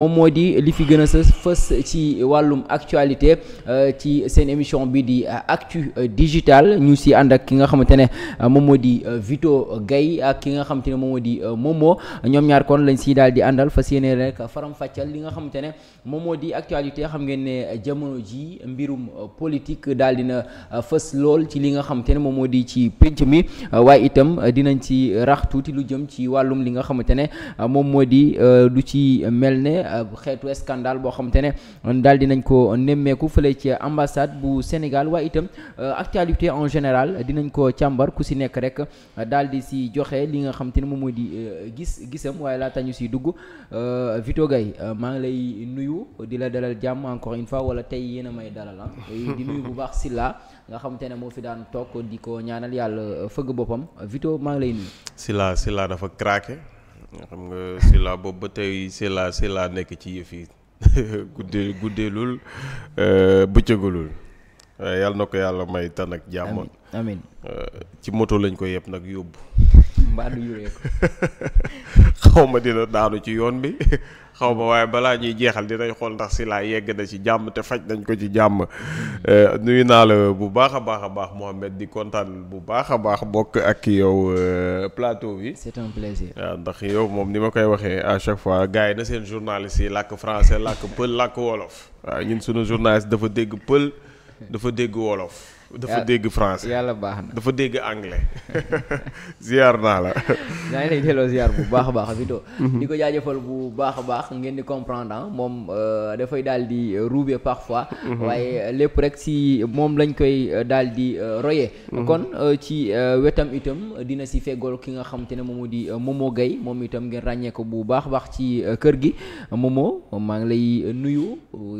moom moo di li fi gën a sa fës ci wàllum actualité euh, ci seen émission bi di euh, actu digital ñu si ànd ak ki nga xamante ne euh, moom moo di Vito Gaye ak ki nga xamante ne moom moo di ñaar kon lañ si daal di àndal fas yéene rek faram fàccal li nga xamante ne moom moo di actualité xam ngeen ne jamono ji mbirum politique daal na fës lool ci li nga xamante ne moom moo di ci pénc mi waaye itam dinañ ci rax tuuti lu jëm ci wàllum li nga xamante ne moom moo di lu ci mel ne Euh, xeetu scandale boo xamante ne daal dinañ ko nemmeeku fële ci ambassade bu Sénégal waaye itam euh, actualité en général dinañ ko càmbar ku si nekk rek euh, daal di si joxe li nga xamante ne moom moo di gis gisam waaye laata ñu si dugg Vito Gaye maa ngi lay nuyu di la dalal jàmm encore wala tey yéen a may dalal ah. bu baax Silla nga xamante ne moo fi daan toog di ko ñaanal yàlla fëgg boppam Vito maa ngi lay nuyu. Silla Silla dafa craqué. xam nga Sylla boobu ba tey Sylla Sylla nekk ci yëf yi guddee guddeelul euh, bëccëgulul waaye yàlla na ko yàlla may tan ak jàmm. amiin euh, ci moto lañ ko yëpp nag yóbbu. mbaa ma dina daanu ci yoon bi xaw ma waaye balaa ñuy jeexal dinañ xool ndax si laa yegg na ci jàmm te faj dañ ko ci jàmm mm. eh, nuyu naa la bu baax a baax a baax Mouhamed di kontaan bu baax a baax bokk ak yow eh, plateau bi. c'est un plaisir. waaw ndax yow moom ni ma koy waxee à chaque fois gars yi na seen journaliste yi làkk français làkk pël làkk wolof waaw ñun sunu journaliste dafa dégg pël dafa dégg wolof. dafa dégg français yàlla baax na dafa dégg anglais ziar naa la. naa ngi lay delloo ziar bu baax a baax Vito. Mhm. di ko jaajëfal bu baax a baax ngeen di comprendant ah, moom euh, dafay daal di euh, ruube parfois. Mhm. waaye euh, lépp rek si moom lañ koy daal di roye. Mhm. kon ci wetam itam dina si feggool ki nga xam te ne moom moo di Momo Gaye moom itam ngeen ràññee bu baax a baax ci kër gi Momo maa ngi lay nuyu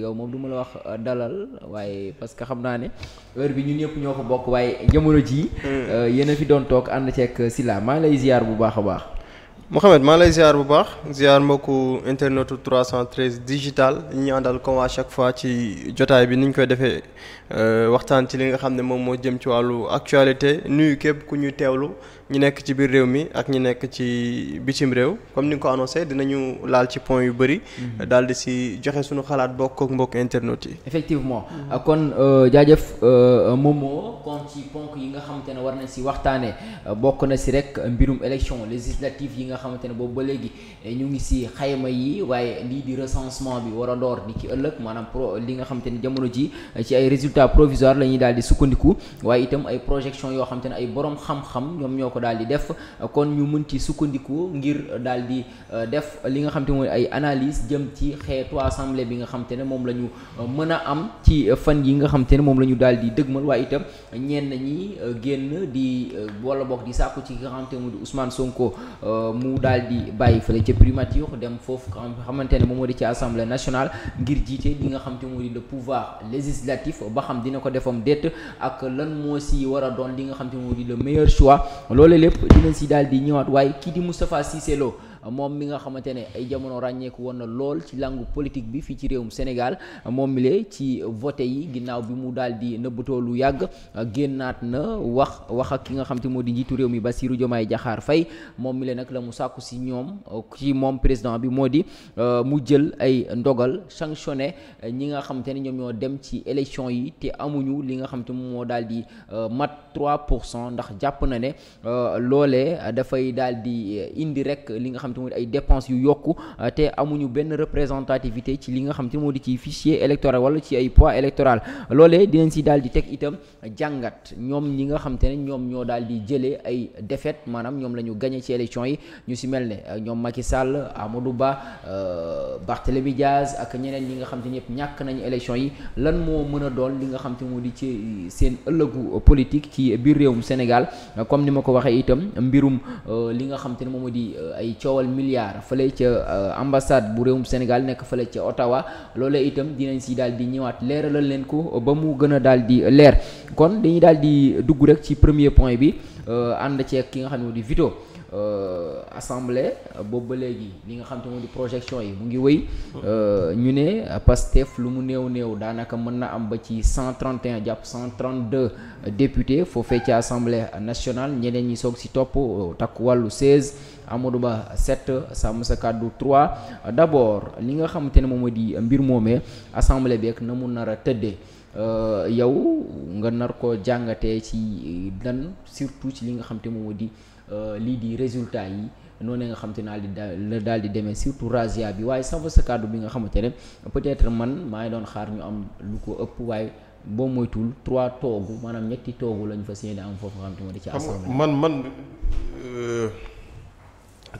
yow moom duma la wax dalal waaye parce xam naa ne heure ñun ñëpp ñoo ko bokk waaye jamono jii. Hmm. Euh, yéen a fi doon toog ànd ceeg Sylla maa ngi lay ziar bu baax a baax. Mouhamed maa lay ziar bu baax ziar mbokku internetu 313 digital ñu àndal comme à chaque fois ci jotaay bi ni ñu koy defee euh, waxtaan ci li nga xam ne moom moo jëm ci wàllu actualité nuyu képp ku ñu teewlu. ñi nekk ci biir réew mi ak ñu nekk ci bitim réew comme ni nga ko annoncé dinañu laal ci pont yu bari mhm. daal di si joxe suñu xalaat bokk ak mbokk internet yi. effectivement euh, kon euh, jaajëf euh, Momo kon ci ponk yi nga xamante ne war nañ si waxtaanee bokk na si rek mbirum élection législative yi nga xamante ne boobu ba léegi eh, ñu ngi si xayma yi waaye lii di recensement bi war a door ni ki ëllëg maanaam li nga xamante ne jamono ji eh, ci ay résultat provisoires la ñuy daal di sukkandiku daal di def kon ñu mën ci sukkandiku ngir daal di euh, def li nga xam te mooy ay analyse jëm ci xeetu assemblée bi nga xam te ne moom la ñu euh, mën a am ci euh, fan yi nga xam te ne moom lañu ñu daal di dëgmal waaye itam ñenn ñi génn di wala bokk di sàkku ci ki nga xam te ne mooy Sonko mu daal di bàyyi fële ca primature dem foofu xamante ne moom moo di ci assemblée nationale ngir jiite li nga xam te moo di le pouvoir législatif ba xam dina ko defam déet ak lan moo si war a doon nga xam te moo di le meilleur choix loolu loole lépp dinañ si daal di ñëwaat waaye kii di Moustapha Cissé Lo moom mi nga xamante ne ay jamono ràññeeku woon na lool ci làngu politique bi fii ci réewum Sénégal moom mi lee ci vote yi ginnaaw bi mu daal di nëbbatoo lu yàgg génnaat na wax wax ak ki nga xam te moo di njiitu réew mi Bassirou Diomaye Diakhar Faye moom mi nag la mu sàkku si ñoom ci moom président bi moo di euh, mu jël ay ndogal sanctionné ñi nga xamante ne ñoom ñoo dem ci élection yi te amuñu li nga xam te moo daal di euh, mat 3 pour cent ndax jàpp na ne euh, loole dafay daal di indi rek li nga xam xam te moo di ay dépenses yu yokku euh, te amuñu benn représentativité ci li nga xam te moo di ci fichier électoral wala ci ay poids électoral loolee dinañ ci daal di teg itam jàngat ñoom ñi nga xam te ne ñoom ñoo daal di jëlee ay défaite maanaam ñoom la ñu gagné ci élection yi ñu si mel ne euh, ñoom Macky Sall Amadou Ba euh, Barthélémy Diaz ak ñeneen ñi nga xam te ñëpp ñàkk nañu élection yi lan moo mën a doon li nga xam te moo di ci seen ëllëgu politique ci biir réewum Sénégal taxawal milliard fële ca euh, ambassade bu réewum Sénégal nekk fële ca Ottawa loolee itam dinañ si daal di ñëwaat leeralal leen ko ba mu gën a daal di leer kon dañuy daal di dugg rek ci premier point bi euh, ànd ceeg ki nga xam ne moo di Vito euh, assemblée bob ba léegi li nga xam te moo di projection yi mu ngi wéy ñu ne Pastef lu mu néew néew daanaka mën na am ba ci 131 jàpp 132 députés foofee ci assemblée nationale ñeneen ñi soog si topp takk wàllu Amadou Ba 7 Sàmm Sa Kàddu 3 d'abord li nga xamante ne moom moo di mbir moomee assemblée bi ak na mu nar a tëddee euh, yow nga nar ko jàngatee ci dan surtout ci li nga xamante moom moo di euh, lii di résultat yi noonu nga te naa di la daal di demee surtout razzia bi waaye Sàmm Sa Kàddu bi nga xamante ne peut-être man maa ngi doon xaar ñu am lu ko ëpp waaye boo moytul trois toogu maanaam ñetti toogu lañu fa séenee am foofu nga xamante moo di ci assemblée man man. Euh,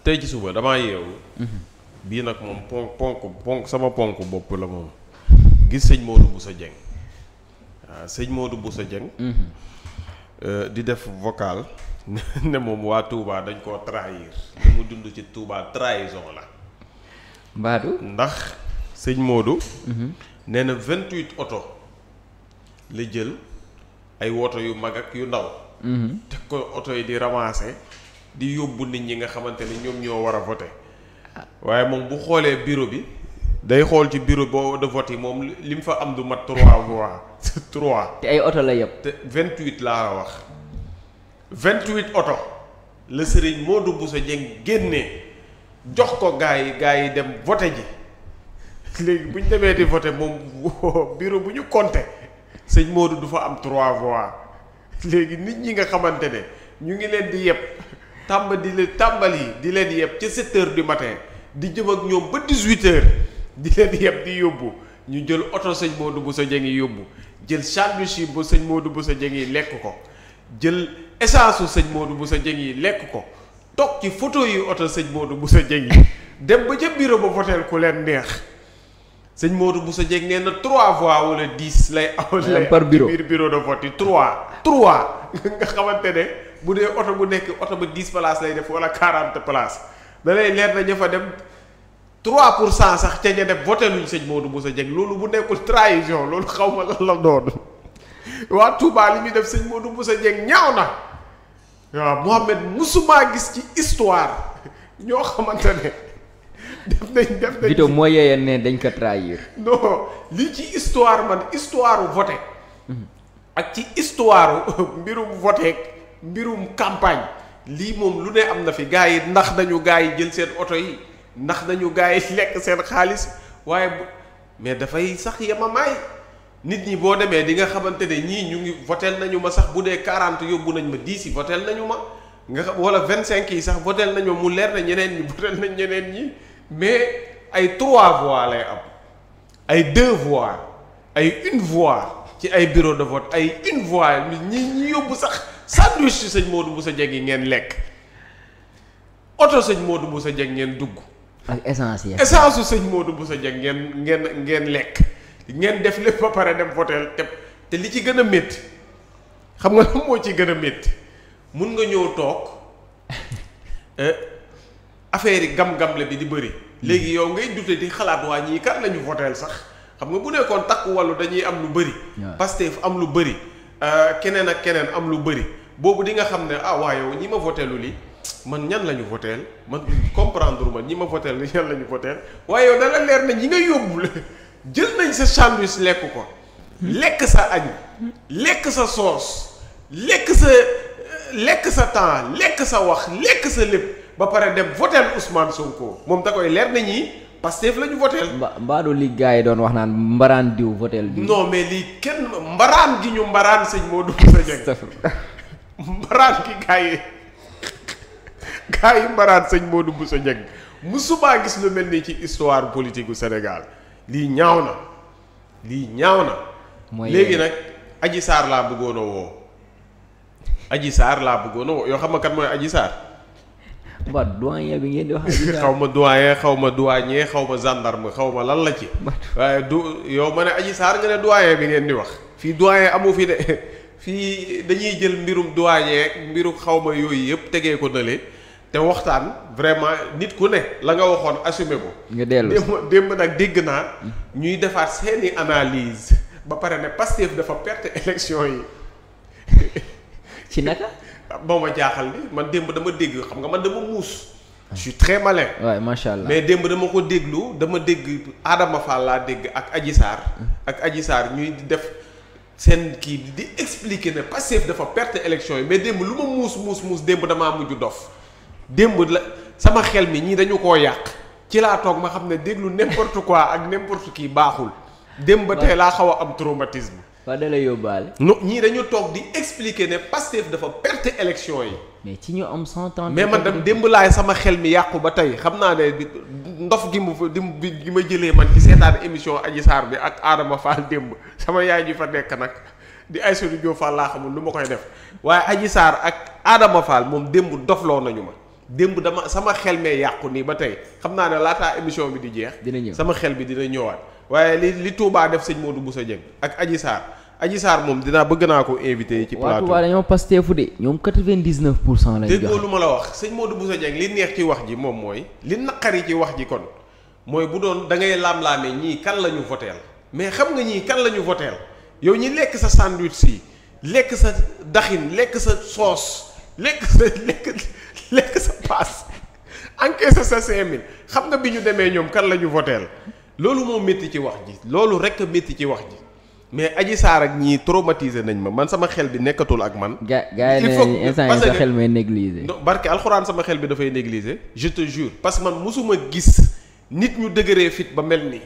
tey ci suba damaa yeewu. Mhm. bii nag moom ponk ponk ponk sama ponk bopp la moom gis sëñ Modou Boussa Dieng waaw sëñ Modou Boussa Dieng. Mhm. Euh, di def vocal ne moom waa Touba dañ koo trahir mu dund ci Touba trahison la. mbaadu ndax sëñ moodu mhm. nee na vingt huit oto li jël ay woto yu mag ak yu ndaw. teg ko oto yi di ramasser. di yóbbu nit ñi nga xamante ne ñoom ñoo war a voté waaye moom bu xoolee bureau bi day xool ci bureau boo de vote yi moom li mu fa am du mat trois voix trois. te ay oto la yëpp. te vingt huit laa la wax vingt huit oto la sëriñ Modou sa Dieng génne jox ko gars yi gars yi dem voté ji léegi bu ñu demee di voté moom bureau bu ñu compté sëñ Modou du fa am trois voix léegi nit ñi nga xamante ne ñu ngi leen di yëpp. tàmba di leen tàmbal di leen yeb ca 7 heures du matin di jëm ak ñoom ba 18 di leen yeb di yóbbu ñu jël oto sëñ Modou Bousso Dieng yi yóbbu jël sandwich yi bu sëñ Modou Bousso Dieng yi lekk ko jël essence su sëñ Modou Bousso Dieng yi lekk ko toog ci photo yi oto sëñ Modou Bousso Dieng yi dem ba ca bureau ba voteel ku leen neex sëñ Modou Bousso Dieng nee na trois voix wala dix lay aw lay par bureau biir bureau de vote yi trois trois nga xamante ne bu dee oto bu nekk oto ba dix places lay def wala quarante places da lay leer na ña a dem trois pour cent sax ca ña def voté luñ sëñ Modou a Dieng loolu bu nekkul trahison loolu xaw ma lan la doon waa Touba li ñu def sëñ Modou Moussa Dieng ñaaw na waaw Mohamed musuma gis ci histoire ñoo xamante ne def nañ def nañ. Vito moo yee ne dañ ko trahir. non lii ci histoire man histoire voté. Mhm. ak ci histoire mbirum voté. mbirum campagne lii moom lu ne am na fi gars yi ndax nañu gars yi jël seen oto yi ndax nañu gars yi lekk seen xaalis waaye mais dafay sax yemamaay nit ñi boo demee di nga xamante ne ñii ñu ngi votel nañu ma sax bu dee 40 yóbbu nañ ma 10 yi votel nañu ma nga xam wala 25 yi sax votel nañu ma mu leer na ñeneen ñi votel nañ ñeneen ñi mais ay trois voix lay am ay deux voix ay une voix ci ay bureau de vote ay une voix ñi ñi yóbbu sax sandwich si sëñ Modou bu sa yi ngeen lekk oto sëñ Modou Moussa Dieng ngeen dugg. ak yi essence su sëñ Modou Moussa Dieng ngeen ngeen ngeen lekk ngeen def lépp ba pare dem votel te te li ci gën a métti xam nga lan moo ci gën a métti mun nga ñëw toog eh, affaire yi gam-gam la bi di bëri. léegi yow ngay dute di xalaat waa ñii kan lañu ñu sax. xam nga bu nekkoon takk wàllu dañuy am lu bëri. Pastef am lu bëri euh, keneen ak keneen am lu bëri boobu di nga xam ne ah waa yow ñi ma voteelu lii man ñan lañu ñu voteel man comprendre ma ñi ma voteel ñan la ñu voteel waaye yow dana leer na ñi nga yóbbu la jël nañ sa sandwich lekk ko. lekk sa añ lekk sa soos lekk sa lekk sa temps lekk sa wax lekk sa lépp ba pare dem voteel Ousmane Sonko moom da koy leer na ñi Pastef la ñu voteel mbaadu li gars yi doon wax naan mbaraan diw voteel bi non mais lii kenn mbaraan gi ñu mbaraan sëñ Modou Moussa Dieng mbaraan gi gars gis lu mel ni ci histoire politique gu Sénégal lii ñaaw na lii ñaaw na mooy léegi nag Adji Sarr laa bëggoon a woo Adji Saar laa bëggoon woo yoo xam mooy Adji Saar waa doyen bi ngeen di wax. xaw ma doyen xawma ma douanier xaw ma gendarme xaw ma lan la ci. waaye du yow ma ne Adji Sarr nga ne doyen bi ngeen di wax. fii doyen amu fi de fii dañuy jël mbirum doyen mbiru xawma ma yooyu yëpp tegee ko nële te waxtaan vraiment nit ku ne la nga waxoon assumé ko. nga dellu démb nag dégg naa. ñuy defaat seeni analyse ba pare ne Pastef dafa perte élection yi. ci naka. moo ma jaaxal ni man démb dama dégg xam nga man dama muus. je suis très malin. macha allah mais démb dama ko déglu dama dégg Adama Fall laa dégg ak Adji Sarr. ak Adji Sarr ñuy def seen kii di expliquer ne Pastef dafa perte élection yi mais démb lu ma muus muus muus démb damaa mujj dof démb la sama xel mi ñii dañu koo yàq ci laa toog ma xam ne déglu n'importe quoi ak n'importe kii baaxul. démb ba tey laa xaw a am traumatisme. waa da lay yóbbaale. non ñii dañu toog di expliquer ne Pastef dafa perte élection yi. mais ci ñu am 130. mais man dem démb laay sama xel mi yàqu ba tey xam naa ne ndof gi mu gi ma jëlee man seetaan émission Adji Sarr bi ak Adama Fall démb sama yaay ji fa nekk nag di Aïssatou Diop Fall lu ma koy def waaye Adji Sarr ak Adama Fall moom démb dofloo nañu ma. démb dama sama xel mee yàqu nii ba tey xam naa ne laataa émission bi di jeex. dina sama xel bi dina ñëwaat. waaye li li Touba def sëñ Modou Bousso Dieng ak Adji Sarr Adji Sarr moom dinaa bëgg naa ko invité. ci plateau waaw Touba dañoo pasteefu de ñoom 99 pour cent lay joxe déggoo lu ma la wax sëñ Modou Bousso Dieng li neex ci wax ji moom mooy. li naqari ci wax ji kon mooy bu doon da ngay laam-laamee ñii kan la ñu voteel mais xam nga ñii kan la ñu voteel yow ñi lekk sa sandwich si lekk sa daxin lekk sa soos lekk sa lekk sa paas encaissé sa 5000 xam nga bi ñu demee ñoom kan la ñu voteel. loolu moo métti ci wax ji loolu rek métti ci wax ji mais aji Sarr ak ñii traumatisé nañ ma man sama xel bi nekkatul ak man. ga gars yi ne instant yi sa xel may négligé. barke alxuraan sama xel bi dafay négligé je te parce que man mosuma gis nit ñu dëgëree fit ba mel nii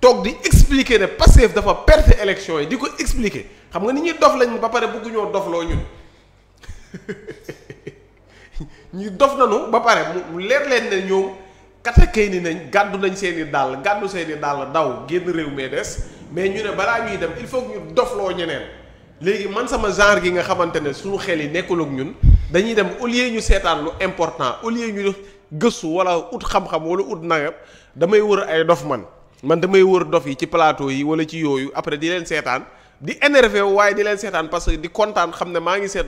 toog di expliquer ne Pastef dafa perte élection yi di ko expliquer xam nga ni ñuy dof lañ ba pare bëggu ñoo dofloo ñun ñu dof nañu ba pare mu leer leen ne ñoom. kata kay ni nañ gàddu nañ seen i dàll gàddu seen i dàll daw génn réew mee des mais ñu ne balaa ñuy dem il faut que ñu dofloo ñeneen léegi man sama genre gi nga xamante ne suñu xel yi nekkul ak ñun dañuy dem au lieu ñu seetaan lu important au lieu ñu gëstu wala ut xam-xam wala ut nagam damay wër ay dof man man damay wër dof yi ci plateau yi wala ci yooyu après di leen seetaan di énervé waaye di leen seetaan parce que di kontaan xam ne maa ngi seet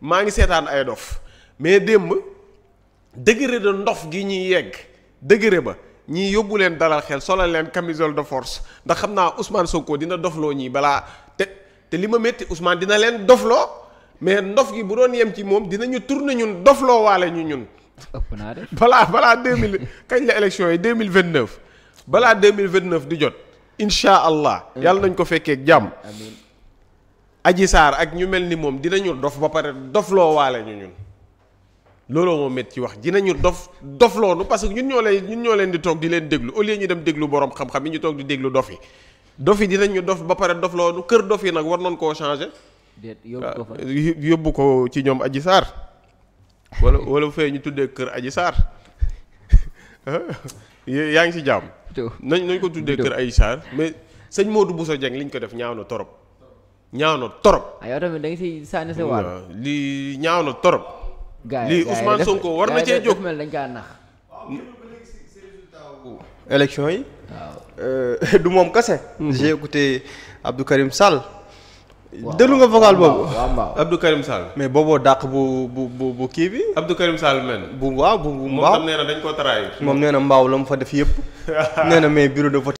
maa ngi seetaan ay dof mais démb degré de gi ñuy yegg. degré ba ñii yóbbu leen dalal xel solal leen camisole de force ndax xam naa Ousmane Sonko dina dofloo ñii balaa te te li ma métti Ousmane dina leen dofloo mais ndof gi bu doon yem ci moom dinañu tourné ñun dofloo waale ñu ñun. ëpp naa de balaa balaa deux mille kañ la yi deux mille vingt neuf balaa deux mille vingt neuf di jot incha allah. yàlla nañ ko fekkee ak jàmm. amiin Adji ak ñu mel ni moom dina ñu dof ba pare dofloo waale ñu ñun. looloo moo métti ci wax dinañu dof dof loonu parce que ñun ñoo lay ñun ñoo leen di toog di leen déglu au lieu ñu dem déglu borom xam-xam yi ñu toog di déglu dof yi dof yi dinañu dof ba pare dof loonu kër dof yi nag war noonu koo changé. déet ah, yóbbu ko ci ñoom Adji Sarr wala wala fee ñu tuddee kër aji saar ah, yaa ngi ci jàmm. nañ nañ ko tuddee kër Adji Sarr mais sëñ Modou sa Dieng liñ ko def ñaaw na torop ñaaw na torop. aywa ah, tamit da nga ciy lii ñaaw na torop. gars lii Ousmane Sonko war na cee jóg dañ kaa nax. élection yi. du moom kese. Hmm. j'ai écouté Abdou Karim nga vocal boobu Abdou Karim Sall. mais booboo dàq bu bu bu kii bi. Abdou Karim Sall men bu waaw bu mbaaw moom tam nee dañ koo taraay. moom nee mbaaw la mu fa def yëpp. nee mais bureau de vote